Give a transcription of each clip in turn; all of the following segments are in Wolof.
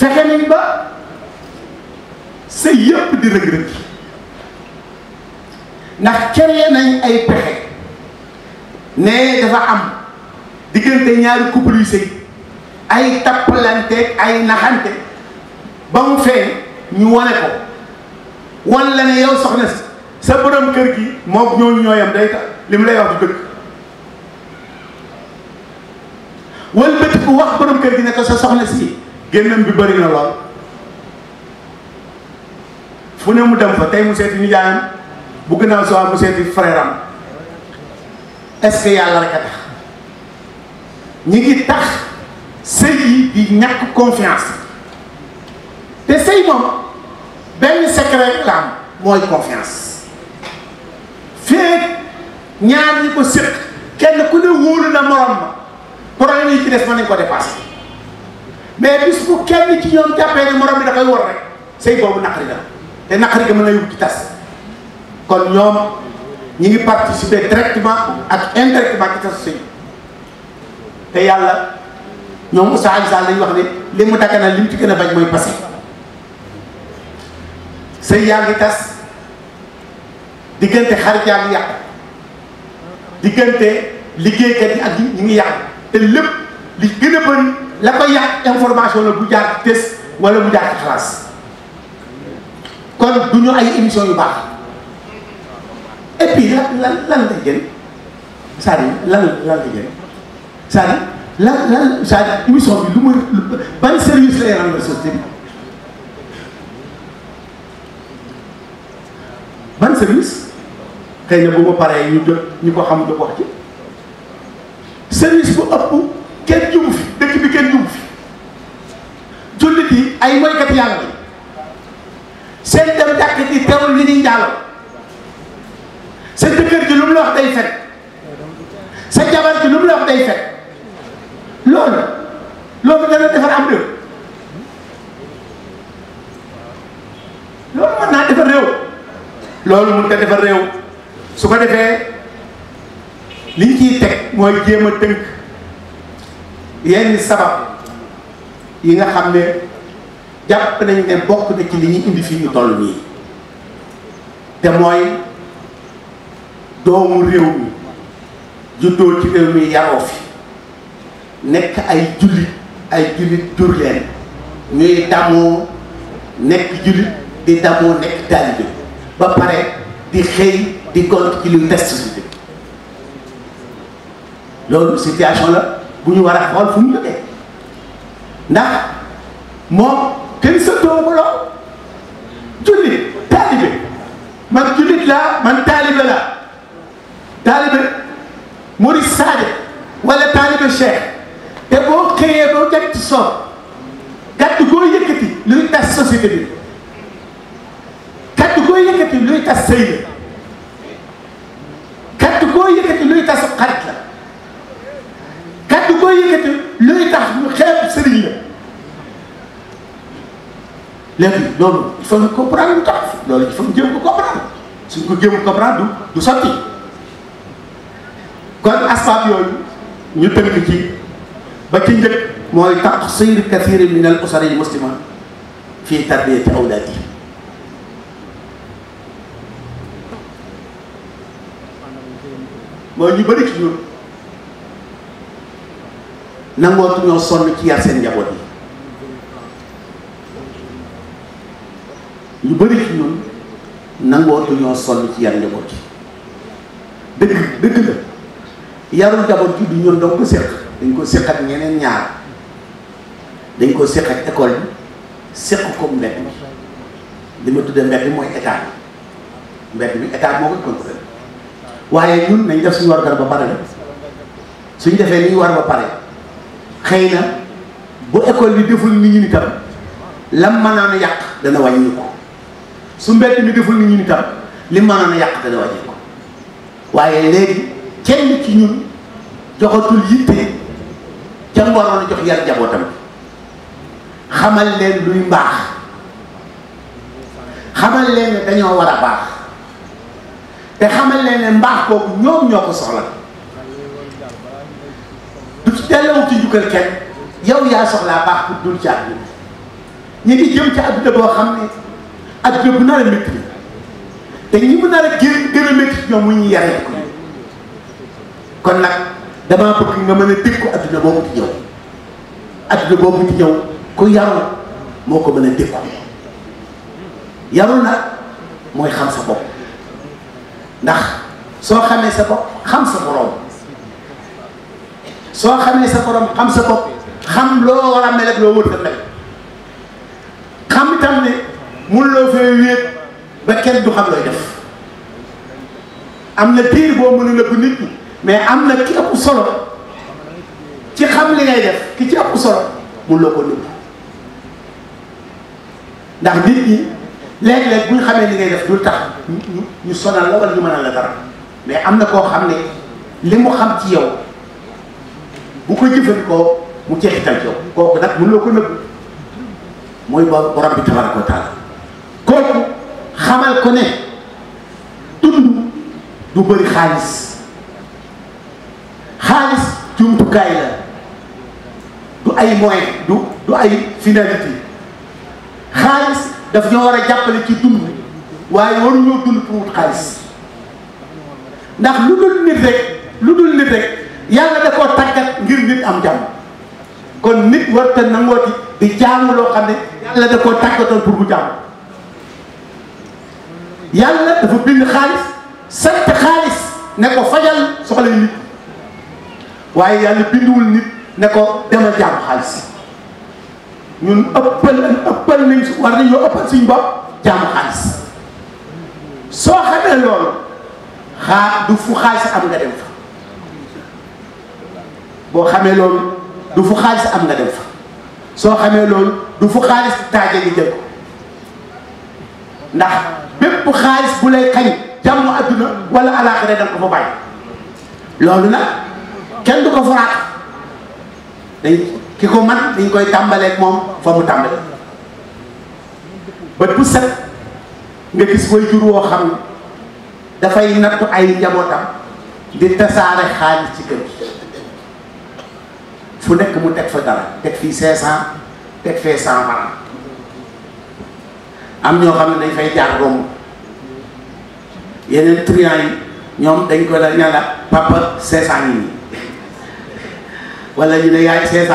fexe nañ ba sa yëpp di rëg-rëg ndax créé nañ ay pexe ne dafa am diggante ñaari couple yu sëy ay tappalante ay naxante ba mu feeñ ñu wane ko wan la ne yow soxna si sa borom kër gi moom ñooñu ñooyam day tax li mu lay wax du dëgg wala bët ku wax kër gi ne sa soxna si génnam bi bëri na lool fu ne mu dem fa tey mu seeti nijaayam bu gënaaw soo mu seeti frère am est-ce que yàlla rek a tax ñi ngi tax sëy yi di ñàkk confiance te sëy moom benn secret am mooy confiance fii ñaar ñi ko séq kenn ku ne wóolu na morom ma problème yi ci des mën nañ ko dépassé mais bis bu kenn ci ñoom jàppee ne morom bi dafay war rek sëy boobu naqari la te naqari ga mën na yóbbu ci tas kon ñoom ñi ngi participer directement ak indirectement ci tas sëy te yàlla ñoom Oustaz Alioune Sall lañu wax ne li mu daganal li mu ci gën a bañ mooy passé sëy yaa ngi tas diggante xarit yaa ngi yàq diggante liggéeykat yi ak ñi ngi yàq te lépp li gën a bëri la koy yàq information la bu jaar test wala bu jaar xalaas kon du ñu ay émission yu baax et puis lan lan lan lay jëriñ c'est-à-dire lan lan lay jëriñ c'est-à-dire émission bi lu muy ban service lay rendre ban service xëy na bu ma paree ñu jot ñu ko xam du wax service bu ëpp. ay moykat yàlla la seen dem jàkk ji teewul li ñuy njaaloo sa jëkkër ji lu mu la wax day fet sa jabar ji lu mu la wax day fet loolu loolu dana defar am réew loolu mën naa defar réew su ko defee li ciy teg mooy jéem a tënk yenn sabab yi nga xam ne jàpp nañ ne bokk na ci li ñu indi fii ñu toll nii te mooy doomu réew mi juddoo ci réew mi yaroo fi nekk ay jullit ay jullit jur leen ñuy damoo nekk jullit di damoo nekk taalibe ba pare di xëy di gont ci lu test bi loolu situation la bu ñu war a xool fu ñu jógee ndax moom gëstoo ko lool jullit taalibe man jullit laa man taalibe laa taalibe murid saadiq wala taalibe cheikh te boo xëyee boo jant soow kaddu koo yëkkati luy tas société bi kaddu koo luy tas sëy léegi loolu il faut nga comprendre lu tax ko ko jéem du du kon asbaab yooyu ñu tënk ci ba ci njëkk mooy taqsir kathir min al usari al muslima fi tarbiyati awlaadi mooy ñu bëri ci ñun nangootuñoo sonn ci yar seen njaboot lu bëri ci ñun nangootu ñoo sonn ci yar njaboot yi dëgg dëgg la yarul njaboot ji du ñun dong ko séq dañ ko séq ñeneen ñaar dañ ko séq ak école bi séq ko mbedd mi li ma tuddee mbedd mi mooy état bi mbedd mi état moo ko contrôler waaye ñun nañ def suñu war gar ba pare la suñ defee li war ba pare xëy na bu école bi deful nit ñi ni tam lam mënaan a yàq dana wàññi ko su mbedd mi deful ni ñun itam li mënoon yàq dana wàññi ko waaye léegi kenn ci ñun joxatul yitte ca waroon a jox yar jabootam xamal leen luy mbaax xamal leen ne dañoo war a baax te xamal leen ne mbaax boobu ñoom ñoo ko soxla du ci delloo ci njukkal kenn yow yaa soxlaa baax pour dul ci àdduna ñu ngi jëm ci àdduna boo xam ne adduna bu nar a métti te ñi mu nar a gën gën a métti ñoom mu ñu yaree ko kon nag damaa bëgg nga mën a dékku ko boobu di ñëw adduna boobu di ñëw ku yarul moo ko mën a dékku na nag mooy xam sa bopp ndax soo xamee sa bopp xam sa borom soo sa borom xam sa bopp xam loo war a mel ak loo wër a mel mun loo fee wéet ba kenn du xam looy def am na piir boo mën a nit ñi mais am na ki ëpp solo ci xam li ngay def ki ci ëpp solo mun loo ko nëbb ndax nit léeg-léeg bu ñu xamee li ngay def du tax ñu sonal la wala ñu mënal la dara mais am na koo xam ne li mu xam ci yow bu ko jëfandikoo mu jeexital ci kooku nag mun loo ko nëbb mooy borom bi tabaraka wa taala kooku xamal ko ne dund du bëri xaalis xaalis jumtukaay la du ay moyen du du ay finalité xaalis daf ñoo war a jàppale ci dund waaye waruñoo dund pour wut xaalis ndax lu dul nit rek lu dul nit rek yàlla da koo tàggat ngir nit am jàmm kon nit warta nangooti di jaamu loo xam ne yàlla da koo tàggatoon pour mu jàmm yàlla dafa bind xaalis sant xaalis ne ko fajal soxla yu nit waaye yàlla binduwul nit ne ko demal jàmm xaalis ñun ëppal ëppal nañ war nañ ëppal suñu bopp jàmm xaalis soo xamee loolu xaa du fu xaalis am nga dem fa soo xamee loolu du fu xaalis taaje gi jël ko ndax bépp xaalis bu lay xañ jàmm adduna wala alaaxira da ko fa bàyyi loolu nag kenn du ko faraat dañ ki ko man dañ koy tàmbaleek moom fa mu tàmbale bët bu set nga gis way jur woo xam dafay nattu ay njabootam di tasaare xaalis ci kër gi fu nekk mu teg fa dara teg fii 500 teg fee 100 am ñoo xam ne dañ fay jaar romb yeneen triant yi ñoom dañ ko la ña la papa cinq cent yi wala ñu ne yaay cinq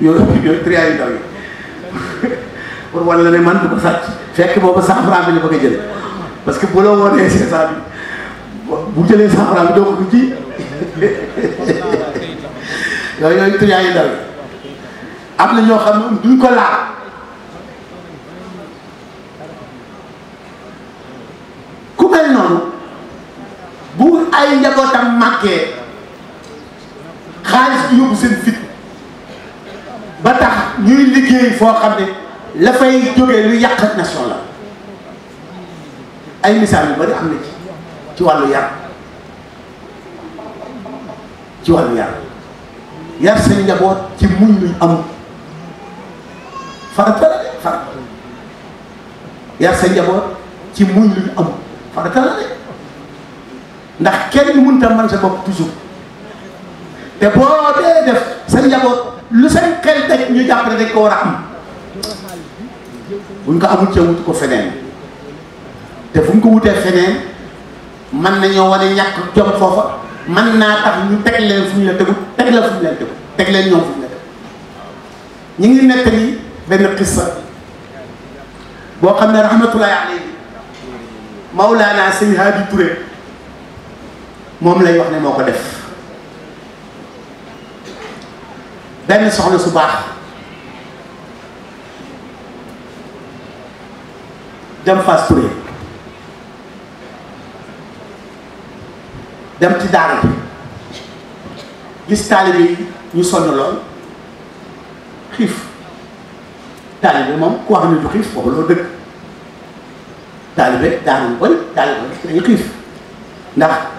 yi yooyu yooyu yi ndaw yi pour wan la ne man du ko sàcc fekk boobu cent franc bi ñu bëgg jël parce que bu la woonee cinq bi bu jëlee cent bi doo ko ci yooyu yooyu triant yi ndaw yi am na ñoo xam ne duñ ko laal ay njabootam màggee xaalis bi yóbbu seen fit ba tax ñuy liggéey foo xam ne la fay jógee lu yàq nation la ay misaal yu bari am na ci ci wàllu yar ci wàllu yar yar seen njaboot ci muñ luñ amul farata la de farata njaboot ci muñ luñ la de kenn mënut a mën sa bopp toujours te boo dee def sa njaboot lu seen xel daj ñu jàpp ne dañ ko war a am buñ ko amul ca wut ko feneen te fu ñu ko wutee feneen man nañoo wane ñàkk jom foofa man naa tax ñu teg leen fu ñu la tegu teg la fu ñu leen tegu teg leen ñoom fu ñu la ñu ngi nekk ni benn xissa boo xam ne rahmatullahi alayhi Mawlaana Seydi Haadi Touré moom lay wax ne moo ko def benn soxla su baax dem Fass Touré dem ci daara bi gis taalibe yi ñu sonn lool xiif taalibe moom ku wax ne du xiif foofu loo dëgg taalibe daara yu bëri taalibe dañuy xiif ndax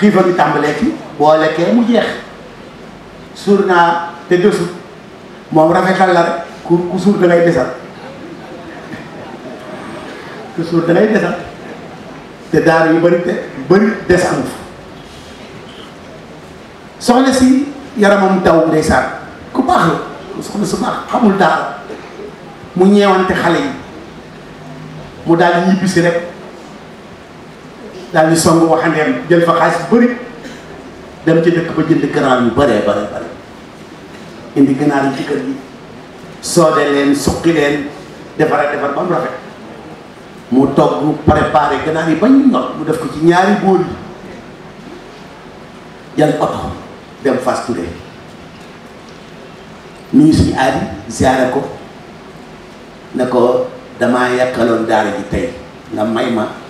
xiifa bi tàmbalee ci boo lekkee mu jeex suur naa te desut moom rafetal la rek ku ku suur da ngay desal ku suur da desal te daara yu bëri te des amuf soxna si yaramam daw ndeysaan ku baax la soxna su baax xamul daara mu ñeewante xale yi mu daal ñibbisi rek daal di songu waxandeem jël fa xaalis bëri dem ci dëkk ba jënd ganaar yu bëree bëri bëri indi ganaar yi ci soode leen suqi leen defar defar ba mu rafet mu togg préparé ganaar yi bañ ñor mu def ko ci ñaari bool yi yan oto dem Fass Touré nuyu suñu aadi ziare ko ne ko damaa yàqaloon daara ji tey nga may ma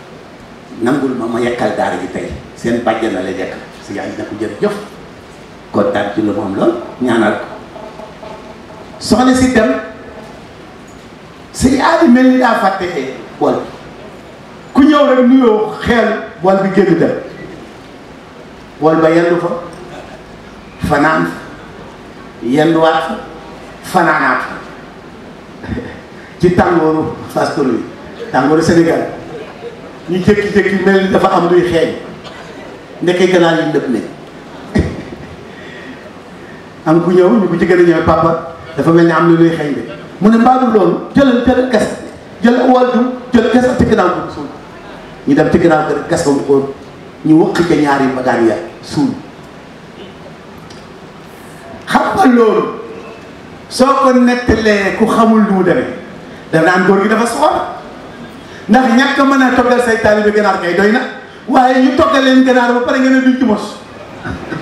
nangul ma ma yekkal daara ji tey seen bàjj na la yekk si yaay na ko jërëjëf kontaan ci lu moom lool ñaanal ko soxna si dem sëñ aadi mel ni daa fàtte bool bi ku ñëw rek nuyoo xeel bool bi génn dem bool ba yendu fa fanaan fa yenduwaat fanaanaat fa ci tàngooru fastul yi tàngooru Sénégal ñu jékki-jékki mel dafa am luy xeeñ ndekkee ganaar yi ndëpp ne am ku ñëw ñu ko ci gën a papa dafa mel ni am na luy xeeñ de mu ne mbaa du loolu jël jël gas jël wàllu jël gas ak ci gannaaw ko suul ñu dem ci gannaaw kër gas ba mu ko ñu wëq ca ñaari bagaan ya suul xam nga loolu soo ko nettalee ku xamul lu mu demee danaan góor gi dafa soxor ndax ñàkk mën a toggal say taalibe ganaar ngay doy na waaye ñu toggal leen ganaar ba pare nga ne duñ ci